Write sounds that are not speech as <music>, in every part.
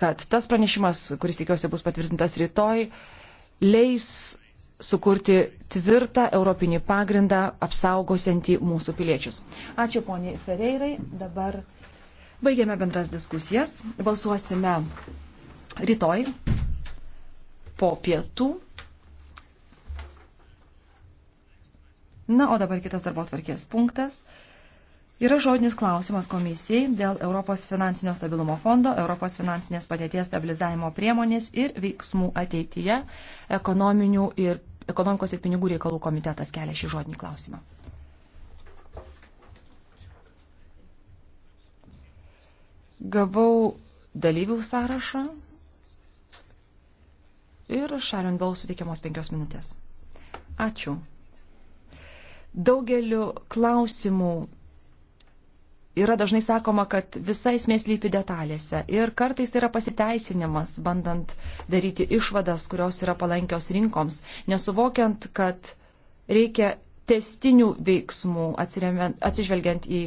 kad tas pranešimas, kuris tikiuosi bus patvirtintas rytoj, leis sukurti tvirtą europinį pagrindą apsaugosiantį mūsų piliečius. Ačiū poniai Ferreirai. Dabar baigiame bendras diskusijas. Balsuosime rytoj po pietų. Na, o dabar kitas darbo tvarkės punktas. Yra žodinis klausimas komisijai dėl Europos finansinio stabilumo fondo, Europos finansinės padėties stabilizavimo priemonės ir veiksmų ateityje. Ekonominių ir ekonomikos ir pinigų reikalų komitetas kelia šį žodinį klausimą. Gavau dalyvių sąrašą ir Šarion Bell suteikiamos penkios minutės. Ačiū. Daugeliu klausimų yra dažnai sakoma, kad visa esmė slypi detalėse. Ir kartais tai yra pasiteisinimas, bandant daryti išvadas, kurios yra palankios rinkoms, nesuvokiant, kad reikia testinių veiksmų atsižvelgiant į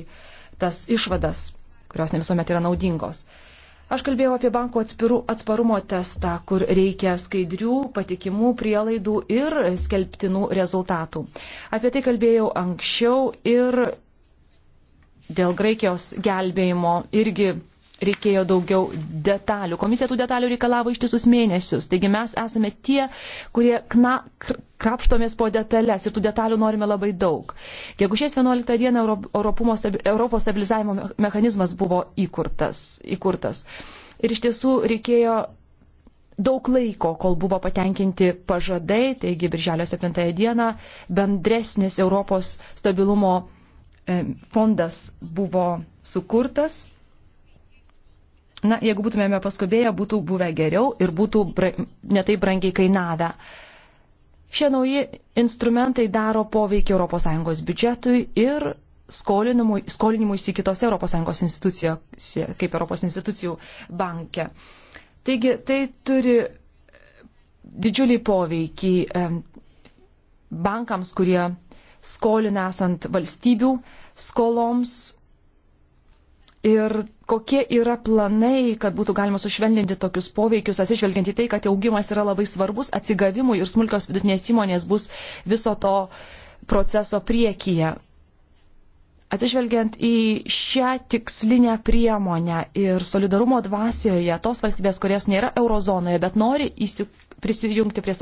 tas išvadas, kurios ne visuomet yra naudingos. Aš kalbėjau apie bankų atspirų, atsparumo testą, kur reikia skaidrių, patikimų prielaidų ir skelbtinų rezultatų. Apie tai kalbėjau anksčiau ir dėl Graikijos gelbėjimo irgi reikėjo daugiau detalių. Komisija tų detalių reikalavo ištisus mėnesius. Taigi mes esame tie, kurie kna, krapštomės po detalės ir tų detalių norime labai daug. Gegužės 11 dieną Europos stabilizavimo mechanizmas buvo įkurtas. įkurtas. Ir iš tiesų reikėjo daug laiko, kol buvo patenkinti pažadai, taigi birželio 7 dieną bendresnis Europos stabilumo mechanizmas E, fondas buvo sukurtas. Na, jeigu būtumėme paskubėję, būtų buvę geriau ir būtų bra... netai brangiai kainavę. Šie nauji instrumentai daro poveikį ES biudžetui ir skolinimuisi kitose ES institucijose, kaip ES institucijų banke. Taigi tai turi didžiulį poveikį e, bankams, kurie skolina esant valstybių skoloms ir kokie yra planai, kad būtų galima sušvelninti tokius poveikius, atsižvelgiant į tai, kad augimas yra labai svarbus atsigavimui ir smulkios vidutinės įmonės bus viso to proceso priekyje. Atsižvelgiant į šią tikslinę priemonę ir solidarumo dvasioje, tos valstybės, kurios nėra eurozonoje, bet nori įsikūrti prisijungti prie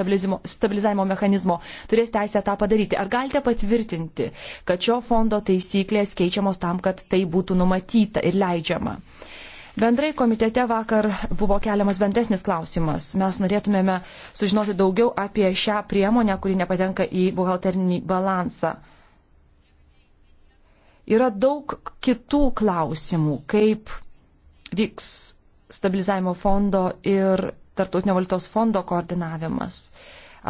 stabilizavimo mechanizmo, turės teisę tą padaryti. Ar galite patvirtinti, kad šio fondo taisyklės keičiamos tam, kad tai būtų numatyta ir leidžiama? Bendrai komitete vakar buvo keliamas bendresnis klausimas. Mes norėtumėme sužinoti daugiau apie šią priemonę, kuri nepatenka į buhalterinį balansą. Yra daug kitų klausimų, kaip vyks stabilizavimo fondo ir Tartautinio valiutos fondo koordinavimas?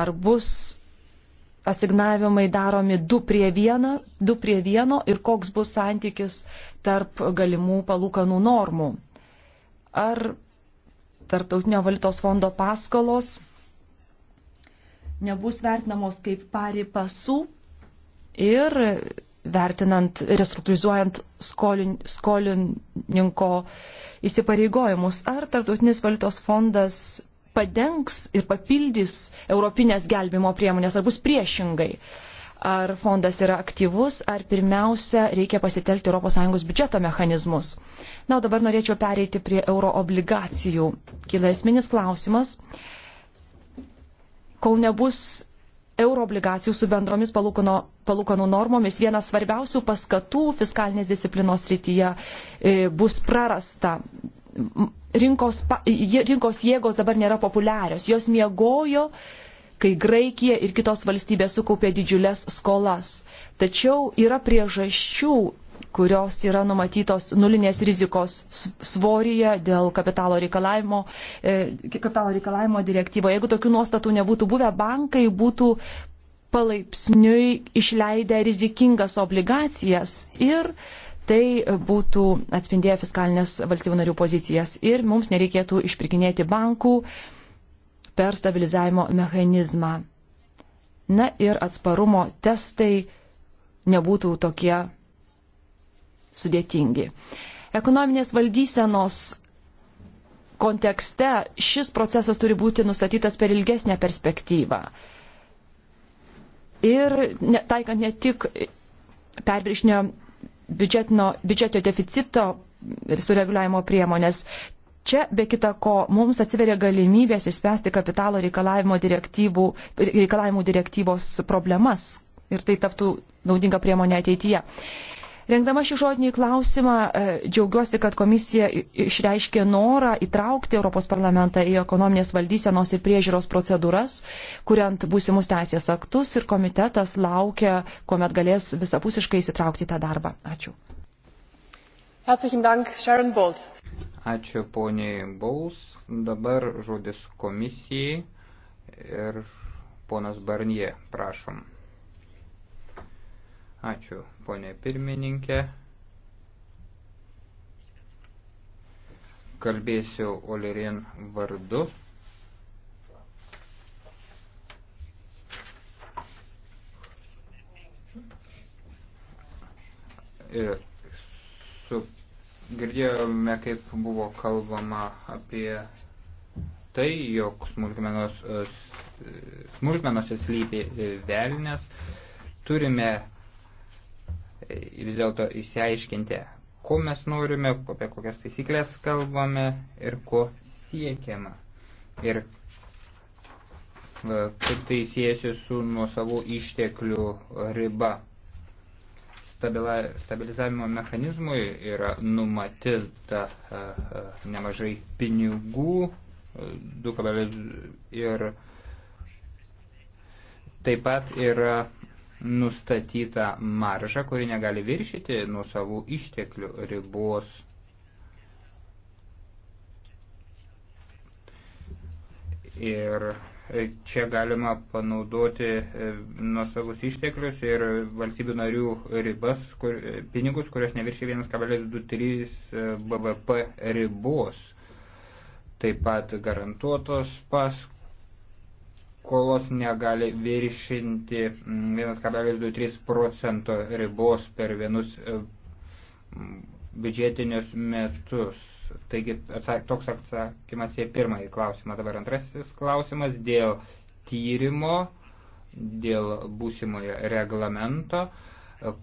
Ar bus asignavimai daromi 2 prie 1, 2 prie 1 ir koks bus santykis tarp galimų palūkanų normų? Ar Tartautinio valiutos fondo paskolos nebus vertinamos kaip pari pasų ir vertinant, restruktūrizuojant skolin, skolininko įsipareigojimus. Ar Tartautinis valiutos fondas padengs ir papildys europinės gelbimo priemonės, ar bus priešingai? Ar fondas yra aktyvus, ar pirmiausia reikia pasitelkti ES biudžeto mechanizmus? Na, o dabar norėčiau pereiti prie euro obligacijų. Kila esminis klausimas. Kol nebus euroobligacijų su bendromis palūkanų, palūkanų normomis vienas svarbiausių paskatų fiskalinės disciplinos srityje e, bus prarasta. Rinkos, rinkos jėgos dabar nėra populiarios, jos miegojo, kai Graikija ir kitos valstybės sukaupė didžiulės skolas. Tačiau yra priežasčių kurios yra numatytos nulinės rizikos svoryje dėl kapitalo reikalavimo, e, kapitalo reikalavimo direktyvo. Jeigu tokių nuostatų nebūtų buvę, bankai būtų palaipsniui išleidę rizikingas obligacijas ir tai būtų atspindėję fiskalinės valstybių narių pozicijas ir mums nereikėtų išpirkinėti bankų per stabilizavimo mechanizmą. Na ir atsparumo testai nebūtų tokie sudėtingi. Ekonominės valdysenos kontekste šis procesas turi būti nustatytas per ilgesnę perspektyvą. Ir ne, taikant ne tik perviršnio biudžeto deficito sureguliavimo priemonės, Čia, be kita ko, mums atsiveria galimybės išspręsti kapitalo reikalavimo reikalavimų direktyvos problemas ir tai taptų naudinga priemonė ateityje. Rengdama šį žodinį klausimą, e, džiaugiuosi, kad komisija išreiškė norą įtraukti Europos parlamentą į ekonominės valdysenos ir priežiūros procedūras, kuriant būsimus teisės aktus ir komitetas laukia, kuomet galės visapusiškai įsitraukti į tą darbą. Ačiū. Ačiū poniai Bauls. Dabar žodis komisijai ir ponas Barnie, prašom. Ačiū ponė pirmininkė. Kalbėsiu Olerin vardu. Ir e, su, girdėjome, kaip buvo kalbama apie tai, jog smulkmenos, e, smulkmenose slypi e, velnės. Turime vis dėlto išsiaiškinti, ko mes norime, apie kokias taisyklės kalbame ir ko siekiama. Ir e, kaip tai siejasi su nuosavų išteklių riba. Stabila, stabilizavimo mechanizmui yra numatyta e, e, nemažai pinigų du kabelius ir taip pat yra nustatytą maržą, kuri negali viršyti nuo savų išteklių ribos. Ir čia galima panaudoti e, nuo savus išteklius ir valstybių narių ribas, kur, e, pinigus, kurios neviršia 1,23 BVP ribos. Taip pat garantuotos paskolos skolos negali viršinti 1,23 mm, procento ribos per vienus e, biudžetinius metus. Taigi atsak, toks atsakymas į pirmąjį klausimą. Dabar antrasis klausimas dėl tyrimo, dėl būsimojo reglamento.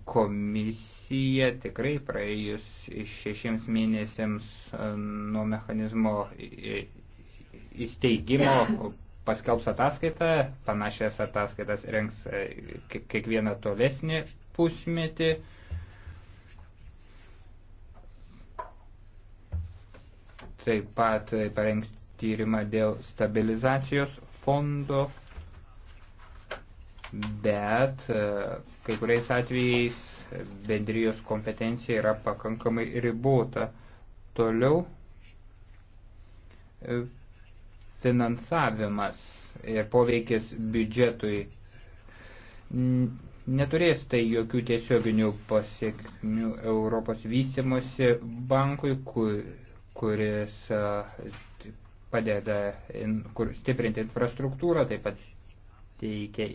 Komisija tikrai praėjus šešiems mėnesiams e, nuo mechanizmo įsteigimo paskelbs ataskaitą, panašias ataskaitas rengs e, kiekvieną tolesnį pusmetį. Taip pat e, parengs tyrimą dėl stabilizacijos fondo, bet e, kai kuriais atvejais bendrijos kompetencija yra pakankamai ribota. Toliau finansavimas ir poveikis biudžetui. Neturės tai jokių tiesioginių pasiekmių Europos vystimosi bankui, kuris padeda kur stiprinti infrastruktūrą, taip pat teikia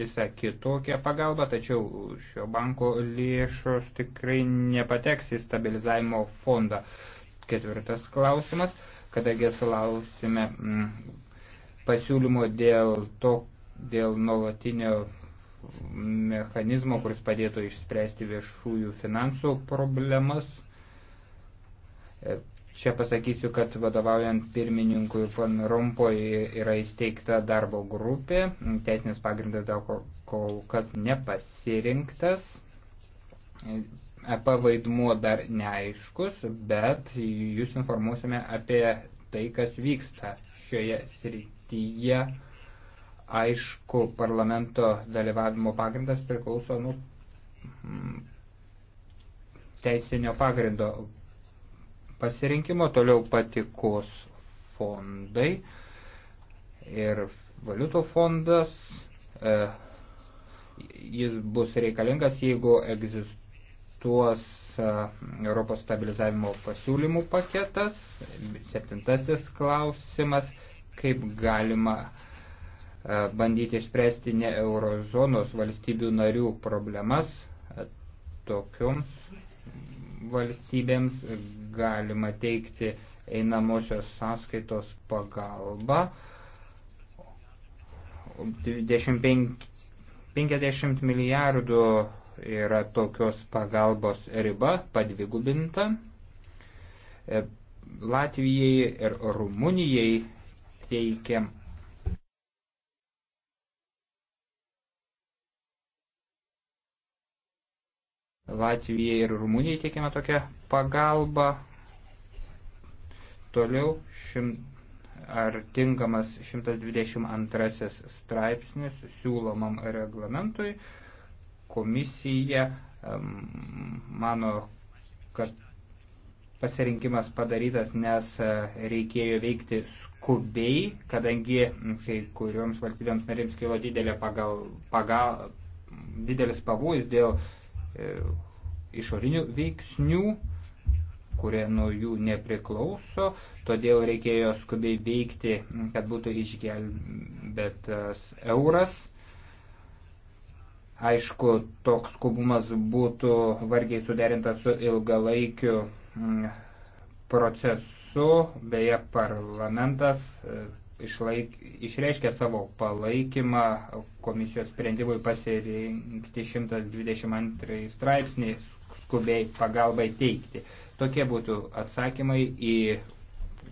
visą kitokią pagalbą, tačiau šio banko lėšos tikrai nepateks į stabilizavimo fondą. Ketvirtas klausimas kadangi sulausime mm, pasiūlymo dėl to, dėl nuolatinio mechanizmo, kuris padėtų išspręsti viešųjų finansų problemas. E, čia pasakysiu, kad vadovaujant pirmininkui von Rompoj yra įsteigta darbo grupė, teisinis pagrindas dėl kol kas nepasirinktas. EP vaidmuo dar neaiškus, bet jūs informuosime apie tai, kas vyksta šioje srityje. Aišku, parlamento dalyvavimo pagrindas priklauso nuo mm, teisinio pagrindo pasirinkimo, toliau patikos fondai ir valiutų fondas. E, jis bus reikalingas, jeigu egzistuoja diktuos Europos stabilizavimo pasiūlymų paketas. Septintasis klausimas, kaip galima bandyti išspręsti ne eurozonos valstybių narių problemas. Tokioms valstybėms galima teikti einamosios sąskaitos pagalbą. 25, 50 milijardų yra tokios pagalbos riba padvigubinta. E, Latvijai ir Rumunijai teikiam. Latvijai ir Rumunijai teikiame tokią pagalbą. Toliau šim, ar tinkamas 122 straipsnis siūlomam reglamentui Komisija mano, kad pasirinkimas padarytas, nes e, reikėjo veikti skubiai, kadangi kai kurioms valstybėms narėms kilo didelė pagal, pagal, didelis pavojus dėl e, išorinių veiksnių, kurie nuo jų nepriklauso, todėl reikėjo skubiai veikti, kad būtų išgelbėtas euras Aišku, toks skubumas būtų vargiai suderintas su ilgalaikiu mm, procesu, beje, parlamentas e, išlaik, išreiškė savo palaikymą komisijos sprendimui pasirinkti 122 straipsnį skubiai pagalbai teikti. Tokie būtų atsakymai į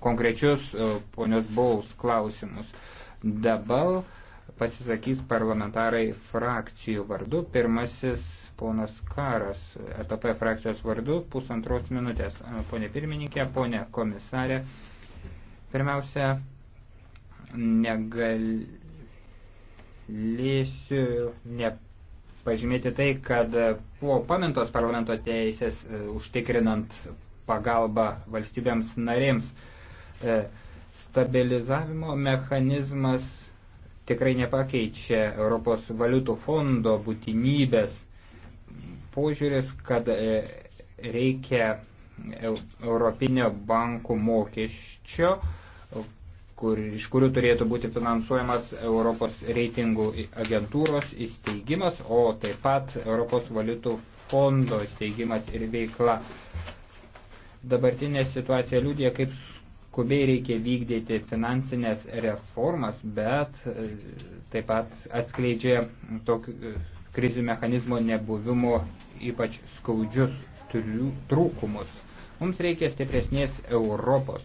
konkrečius e, ponios Baus klausimus. Dabar pasisakys parlamentarai frakcijų vardu. Pirmasis ponas Karas, EPP frakcijos vardu, pusantros minutės. Pone pirmininkė, pone komisarė, pirmiausia, negalėsiu ne pažymėti tai, kad buvo pamintos parlamento teisės e, užtikrinant pagalbą valstybėms narėms. E, stabilizavimo mechanizmas tikrai nepakeičia Europos valiutų fondo būtinybės požiūris, kad e, reikia Europinio bankų mokesčio, kur, iš kurių turėtų būti finansuojamas Europos reitingų agentūros įsteigimas, o taip pat Europos valiutų fondo įsteigimas ir veikla. Dabartinė situacija liūdė, kaip skubiai reikia vykdyti finansinės reformas, bet e, taip pat atskleidžia tokių e, krizių mechanizmo nebuvimo ypač skaudžius trūkumus. Mums reikia stipresnės Europos.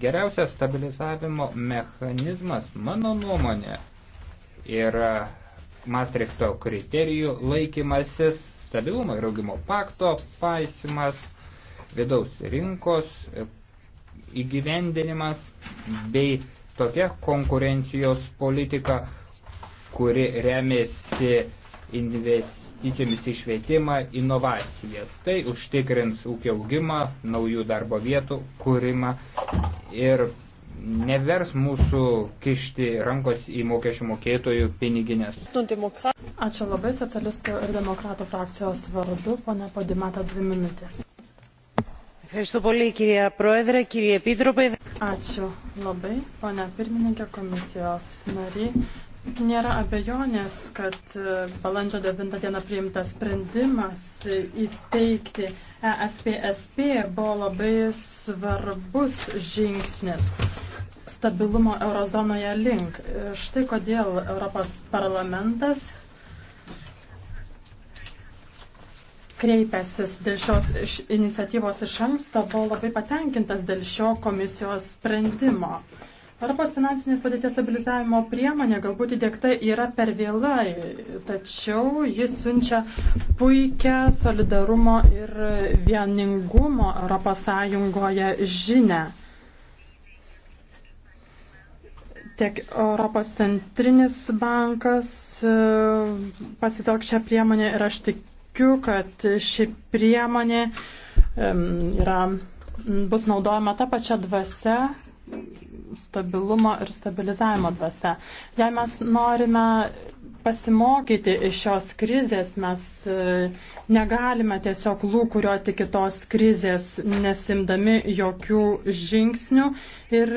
Geriausias stabilizavimo mechanizmas, mano nuomonė, yra Maastrichto kriterijų laikymasis, stabilumo ir augimo pakto paisimas, vidaus rinkos įgyvendinimas bei tokia konkurencijos politika, kuri remiasi investicijomis į švietimą, inovacijas. Tai užtikrins ūkio augimą, naujų darbo vietų kūrimą ir nevers mūsų kišti rankos į mokesčių mokėtojų piniginės. Ačiū labai socialistų ir demokratų frakcijos vardu, ponia Podimata, dvi minutės. Ačiū labai, ponia pirmininkė komisijos nariai. Nėra abejonės, kad e, balandžio 9 dieną priimtas sprendimas įsteigti EFPSP buvo labai svarbus žingsnis stabilumo eurozonoje link. E, štai kodėl Europos parlamentas kreipęsis dėl šios iniciatyvos iš anksto, buvo labai patenkintas dėl šio komisijos sprendimo. Europos finansinės padėties stabilizavimo priemonė galbūt įdėkta yra per vėlai, tačiau jis siunčia puikią solidarumo ir vieningumo ES žinę. Tiek Europos centrinis bankas e, pasitelk šią priemonę ir aš tikiu tikiu, kad ši priemonė yra, bus naudojama tą pačią dvasę stabilumo ir stabilizavimo dvasia. Jei mes norime pasimokyti iš šios krizės, mes e, negalime tiesiog lūkuriuoti kitos krizės, nesimdami jokių žingsnių ir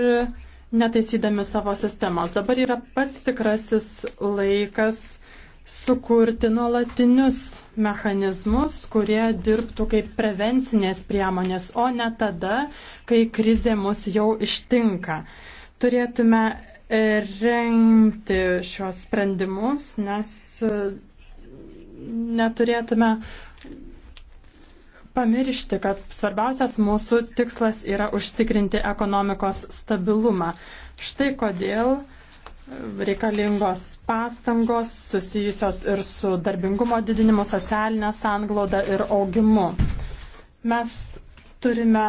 netaisydami savo sistemos. Dabar yra pats tikrasis laikas sukurti nuolatinius mechanizmus, kurie dirbtų kaip prevencinės priemonės, o ne tada, kai krizė mus jau ištinka. Turėtume e, remti šios sprendimus, nes e, neturėtume pamiršti, kad svarbiausias mūsų tikslas yra užtikrinti ekonomikos stabilumą. Štai kodėl uh, reikalingos pastangos susijusios ir su darbingumo didinimu, socialinė sanglauda ir augimu. Mes turime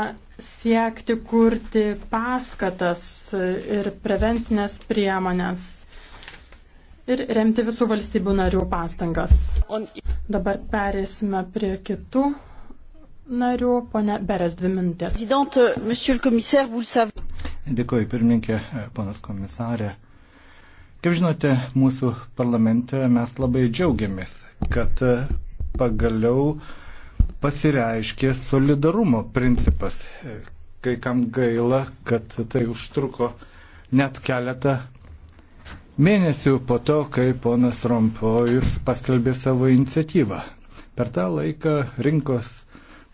siekti kurti paskatas ir prevencinės priemonės ir remti visų valstybių narių pastangas. Dabar perėsime prie kitų narių. Pone Beres, dvi minutės. Dėkuoju, pirmininkė, ponas komisarė. Kaip žinote, mūsų parlamente mes labai džiaugiamės, kad pagaliau pasireiškė solidarumo principas. Kai kam gaila, kad tai užtruko net keletą mėnesių po to, kai ponas Rompojus paskelbė savo iniciatyvą. Per tą laiką rinkos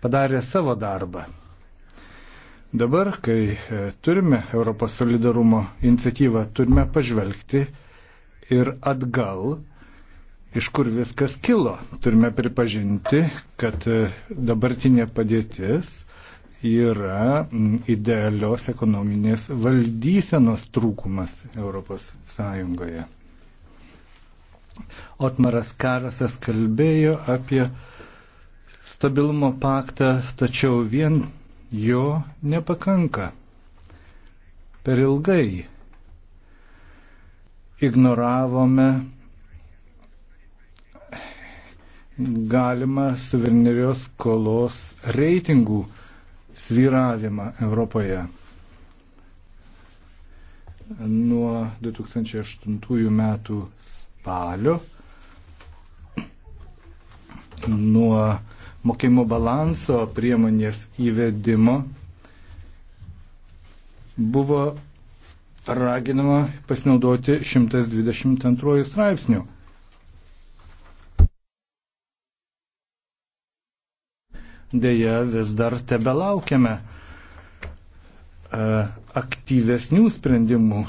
padarė savo darbą. Dabar, kai e, turime Europos solidarumo iniciatyvą, turime pažvelgti ir atgal, iš kur viskas kilo. Turime pripažinti, kad e, dabartinė padėtis yra idealios ekonominės valdysenos trūkumas Europos Sąjungoje. Otmaras Karasas kalbėjo apie stabilumo paktą, tačiau vien jo nepakanka. Per ilgai ignoravome galima suverenios skolos reitingų sviravimą Europoje. Nuo 2008 metų spalio, nuo mokėjimo balanso priemonės įvedimo buvo raginama pasinaudoti 122 straipsnių. Deja, vis dar tebe laukiame e, aktyvesnių sprendimų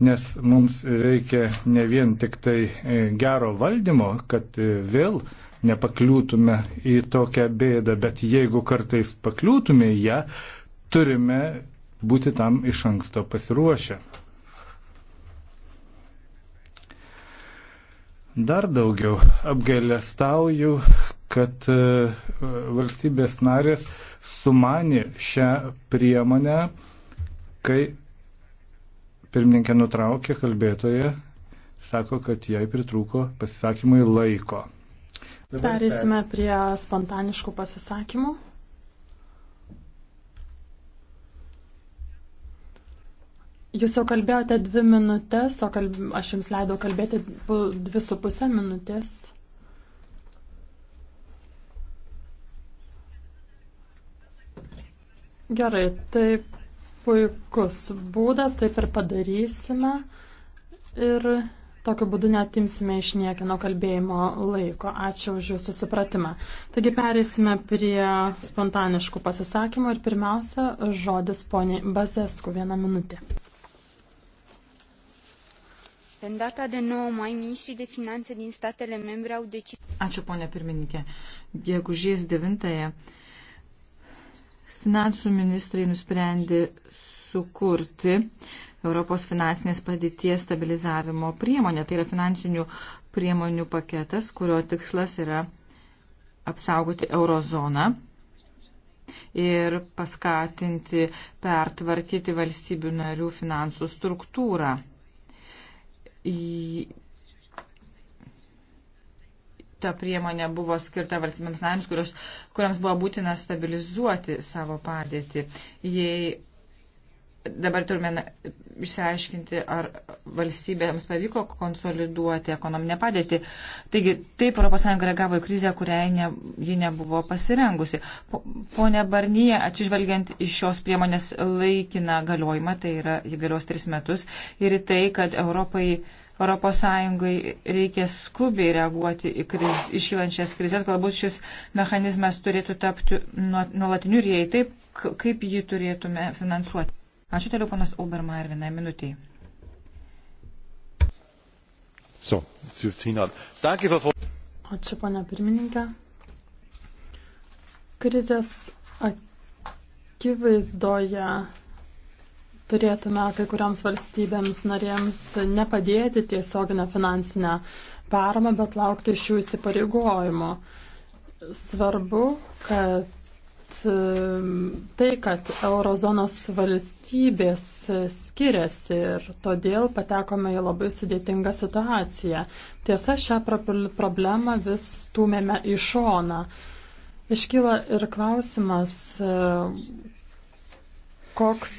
nes mums reikia ne vien tik tai e, gero valdymo, kad e, vėl nepakliūtume į tokią bėdą, bet jeigu kartais pakliūtume į ją, turime būti tam iš anksto pasiruošę. Dar daugiau apgailestauju, kad e, valstybės narės sumanė šią priemonę, kai Pirmininkė nutraukė kalbėtoje, sako, kad jai pritrūko pasisakymui laiko. Perėsime prie spontaniškų pasisakymų. Jūs jau kalbėjote dvi minutės, o kalb... aš jums leidau kalbėti dvi su pusę minutės. Gerai, taip puikus būdas, taip ir padarysime. Ir tokiu būdu netimsime iš niekino kalbėjimo laiko. Ačiū už jūsų supratimą. Taigi perėsime prie spontaniškų pasisakymų ir pirmiausia, žodis poniai Bazesku. Vieną minutę. În data de 9 mai, ministrii de finanțe din statele membre au decis. Ačiū, ponia pirmininkė. Gegužės 9-ąją Finansų ministrai nusprendė sukurti Europos finansinės padėties stabilizavimo priemonę. Tai yra finansinių priemonių paketas, kurio tikslas yra apsaugoti eurozoną ir paskatinti pertvarkyti valstybių narių finansų struktūrą ta priemonė buvo skirta valstybėms narėms, kurios, kuriams buvo būtina stabilizuoti savo padėtį. Jei dabar turime išsiaiškinti, ar valstybėms pavyko konsoliduoti ekonominę padėtį. Taigi taip ES reagavo į krizę, kuriai ne, ji nebuvo pasirengusi. Pone Barnyje, atsižvelgiant iš šios priemonės laikiną galiojimą, tai yra, ji galios tris metus, ir į tai, kad Europai ES reikia skubiai reaguoti į kriz, iškylančias krizės. Galbūt šis mechanizmas turėtų tapti nuolatiniu ir jei taip, kaip jį turėtume finansuoti. Ačiū toliau, panas Obermaier, vienai minutiai. So, Ačiū, pana pirmininkė. Krizės akivaizdoje turėtume kai kurioms valstybėms narėms nepadėti tiesioginę finansinę paramą, bet laukti šių įsipareigojimų. Svarbu, kad um, tai, kad eurozonos valstybės skiriasi ir todėl patekome į labai sudėtingą situaciją. Tiesa, šią problemą vis stumėme į šoną. Iškyla ir klausimas, koks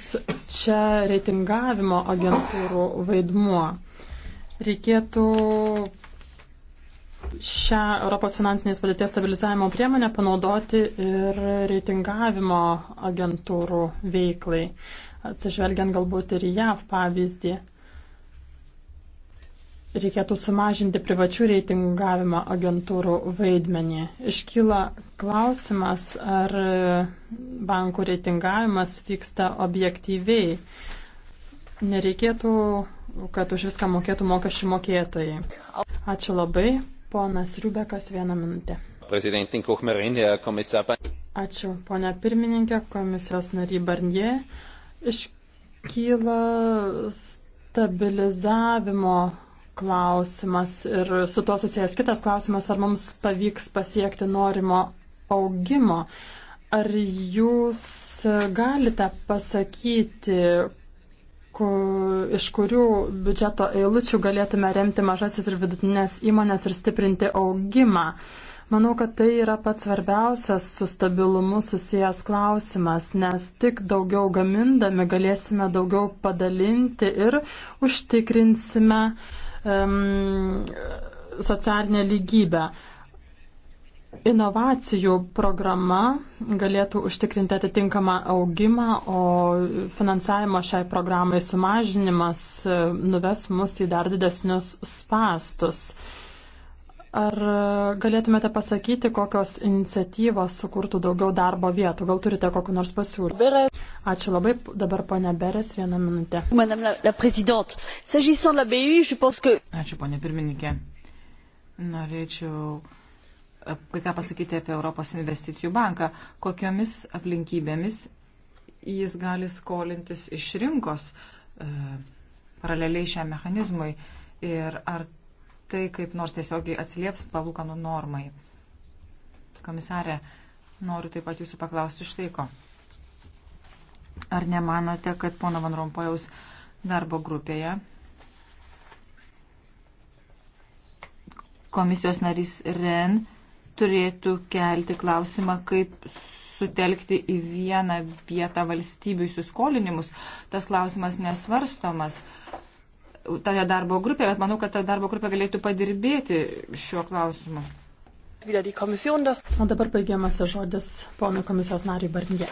čia reitingavimo agentūrų vaidmuo. Reikėtų šią Europos finansinės padėties stabilizavimo priemonę panaudoti ir reitingavimo agentūrų veiklai, atsižvelgiant galbūt ir JAV pavyzdį reikėtų sumažinti privačių reitingavimo agentūrų vaidmenį. Iškyla klausimas, ar bankų reitingavimas vyksta objektyviai. Nereikėtų, kad už viską mokėtų mokesčių mokėtojai. Ačiū labai. Ponas Riubekas, vieną minutę. Ačiū, ponia pirmininkė, komisijos nary Barnie. Iškyla stabilizavimo klausimas ir su tuo susijęs kitas klausimas, ar mums pavyks pasiekti norimo augimo. Ar jūs galite pasakyti, kur, iš kurių biudžeto eilučių galėtume remti mažasis ir vidutinės įmonės ir stiprinti augimą? Manau, kad tai yra pats svarbiausias su stabilumu susijęs klausimas, nes tik daugiau gamindami galėsime daugiau padalinti ir užtikrinsime uh, um, socialinę lygybę. Inovacijų programa galėtų užtikrinti atitinkamą augimą, o finansavimo šiai programai sumažinimas nuves mus į dar didesnius spastus. Ar galėtumėte pasakyti, kokios iniciatyvos sukurtų daugiau darbo vietų? Gal turite kokiu nors pasiūlymu? Ačiū labai. Dabar ponia Beres, vieną minutę. Ačiū, ponia pirmininkė. Norėčiau e, kai ką pasakyti apie Europos investicijų banką. Kokiomis aplinkybėmis jis gali skolintis iš rinkos e, paraleliai šiam mechanizmui ir ar tai kaip nors tiesiogiai atsilieps palūkanų normai. Komisarė, noriu taip pat jūsų paklausti štai ko. Ar nemanote, kad pono Van Rompojaus darbo grupėje komisijos narys Ren turėtų kelti klausimą, kaip sutelkti į vieną vietą valstybių įsiskolinimus. Tas klausimas nesvarstomas toje darbo grupėje, bet manau, kad ta darbo grupė galėtų padirbėti šiuo klausimu. O dabar baigiamas žodis ponui komisijos nariui Barnie.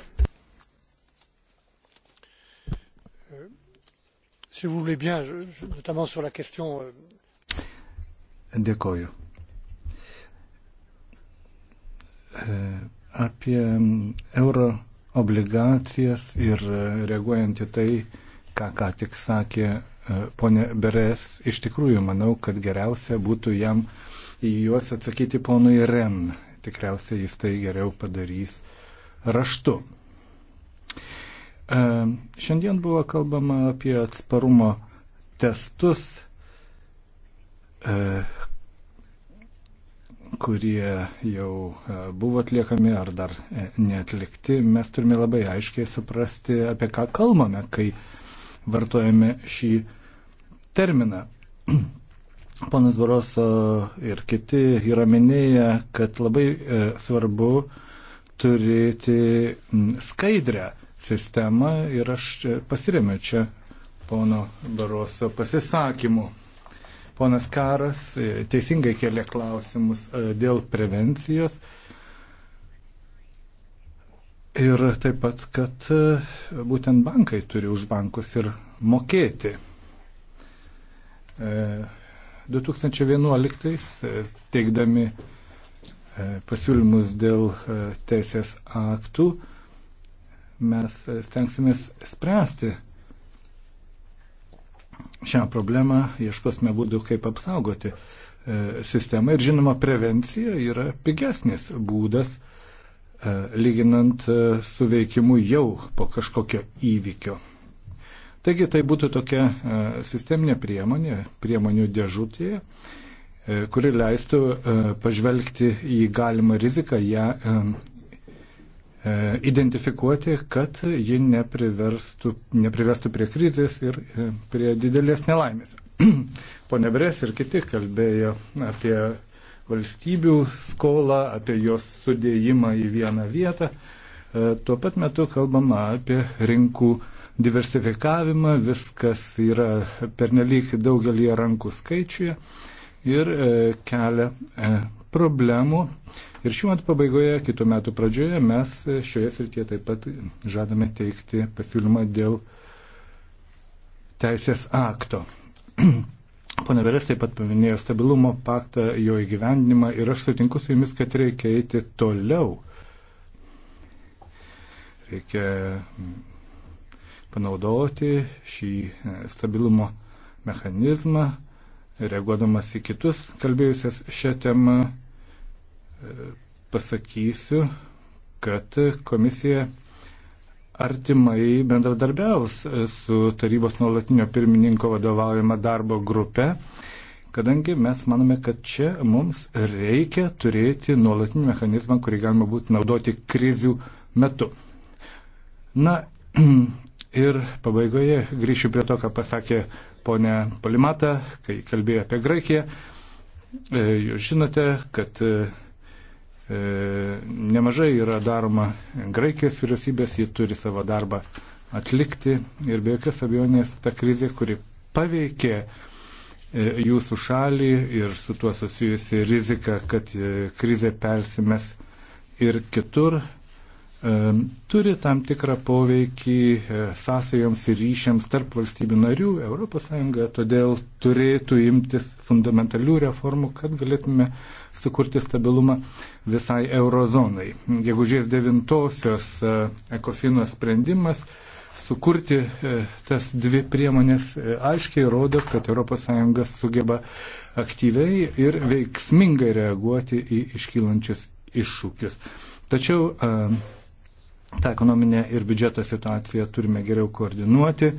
si vous voulez bien, je, je, notamment sur la question. Euh, Dėkoju. Euh, apie euh, euro obligacijas ir reaguojant į tai, ką ką tik sakė ponė Beres, iš tikrųjų manau, kad geriausia būtų jam į juos atsakyti ponui Ren. Tikriausiai jis tai geriau padarys raštu. E, šiandien buvo kalbama apie atsparumo testus, e, kurie jau e, buvo atliekami ar dar neatlikti, mes turime labai aiškiai suprasti, apie ką kalbame, kai vartojame šį terminą. <clears throat> Ponas Baroso ir kiti yra minėję, kad labai svarbu turėti skaidrę sistemą ir aš pasiremiu čia pono Baroso pasisakymu. Ponas Karas e, teisingai kėlė klausimus e, dėl prevencijos ir taip pat, kad e, būtent bankai turi už bankus ir mokėti. 2011 teikdami pasiūlymus dėl teisės aktų mes stengsimės spręsti šią problemą, ieškosime būdų, kaip apsaugoti e, sistemą. Ir žinoma, prevencija yra pigesnis būdas, e, lyginant e, su veikimu jau po kažkokio įvykio. Taigi tai būtų tokia sisteminė priemonė, priemonių dėžutėje, kuri leistų pažvelgti į galimą riziką, ją E, identifikuoti, kad ji nepriverstų, neprivestų prie krizės ir e, prie didelės nelaimės. <clears throat> Pone Bres ir kiti kalbėjo apie valstybių skolą, apie jos sudėjimą į vieną vietą. E, tuo pat metu kalbama apie rinkų diversifikavimą, viskas yra pernelyg daugelį rankų skaičiuje ir kelia problemų. Ir šių metų pabaigoje, kitų metų pradžioje mes šioje srityje taip pat žadame teikti pasiūlymą dėl teisės akto. <clears throat> Pone Veres taip pat paminėjo stabilumo paktą, jo įgyvendinimą ir aš sutinku su jumis, kad reikia eiti toliau. Reikia panaudoti šį e, stabilumo mechanizmą, reaguodamas į kitus kalbėjusias šią temą pasakysiu, kad komisija artimai bendradarbiaus su tarybos nuolatinio pirmininko vadovaujama darbo grupe, kadangi mes manome, kad čia mums reikia turėti nuolatinį mechanizmą, kurį galima būtų naudoti krizių metu. Na <clears throat> ir pabaigoje grįšiu prie to, ką pasakė ponė Polimata, kai kalbėjo apie Graikiją. E, jūs žinote, kad E, nemažai yra daroma Graikijos vyriausybės, ji turi savo darbą atlikti ir be jokios abejonės ta krizė, kuri paveikė e, jūsų šalį ir su tuo susijusi rizika, kad e, krizė persimes ir kitur, turi tam tikrą poveikį e, sąsajoms ir ryšiams tarp valstybių narių. ES todėl turėtų imtis fundamentalių reformų, kad galėtume sukurti stabilumą visai eurozonai. Gegužės 9-osios e, ekofino sprendimas sukurti e, tas dvi priemonės aiškiai rodo, kad ES sugeba aktyviai ir veiksmingai reaguoti į iškylančius iššūkius. Tačiau tą ekonominę ir biudžeto situaciją turime geriau koordinuoti.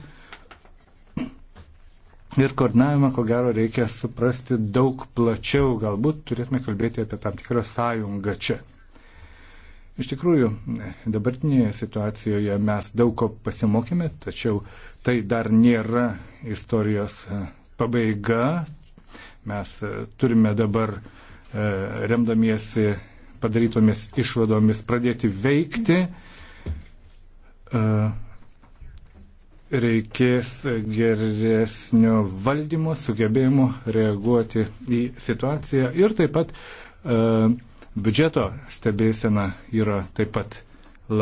Ir koordinavimą, ko gero, reikia suprasti daug plačiau, galbūt turėtume kalbėti apie tam tikrą sąjungą čia. Iš tikrųjų, dabartinėje situacijoje mes daug ko pasimokėme, tačiau tai dar nėra istorijos e, pabaiga. Mes e, turime dabar, e, remdamiesi padarytomis išvadomis, pradėti veikti. Mm E, reikės geresnio valdymo, sugebėjimo reaguoti į situaciją ir taip pat e, biudžeto stebėsena yra taip pat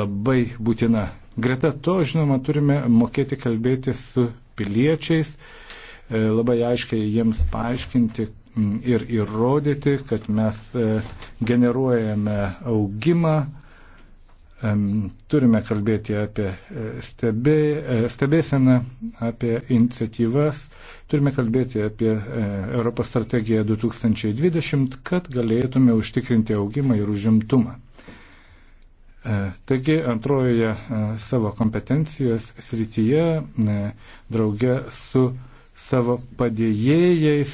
labai būtina. Greta to, žinoma, turime mokėti kalbėti su piliečiais, e, labai aiškiai jiems paaiškinti, mm, ir įrodyti, kad mes generuojame augimą, Turime kalbėti apie e, stebė, e, stebėseną, apie iniciatyvas, turime kalbėti apie e, Europos strategiją 2020, kad galėtume užtikrinti augimą ir užimtumą. Taigi antrojoje savo kompetencijos srityje, drauge su savo padėjėjais,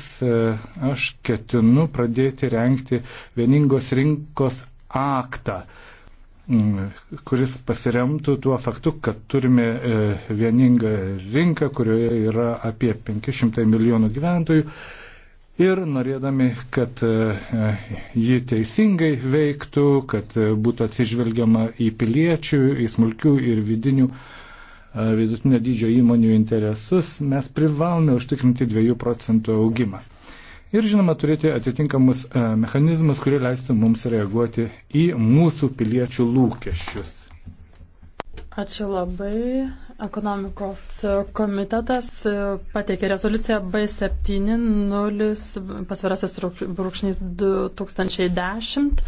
aš ketinu pradėti renkti vieningos rinkos aktą. Mm, kuris pasiremtų tuo faktu, kad turime e, vieningą rinką, kurioje yra apie 500 milijonų gyventojų. Ir norėdami, kad e, ji teisingai veiktų, kad e, būtų atsižvelgiama į piliečių, į smulkių ir vidinių vidutinio dydžio įmonių interesus, mes privalome užtikrinti 2 procentų augimą ir žinoma turėti atitinkamus e, mechanizmus, kurie leistų mums reaguoti į mūsų piliečių lūkesčius. Ačiū labai. Ekonomikos komitetas e, pateikė rezoliuciją B7.0 pasvirasis brūkšnys 2010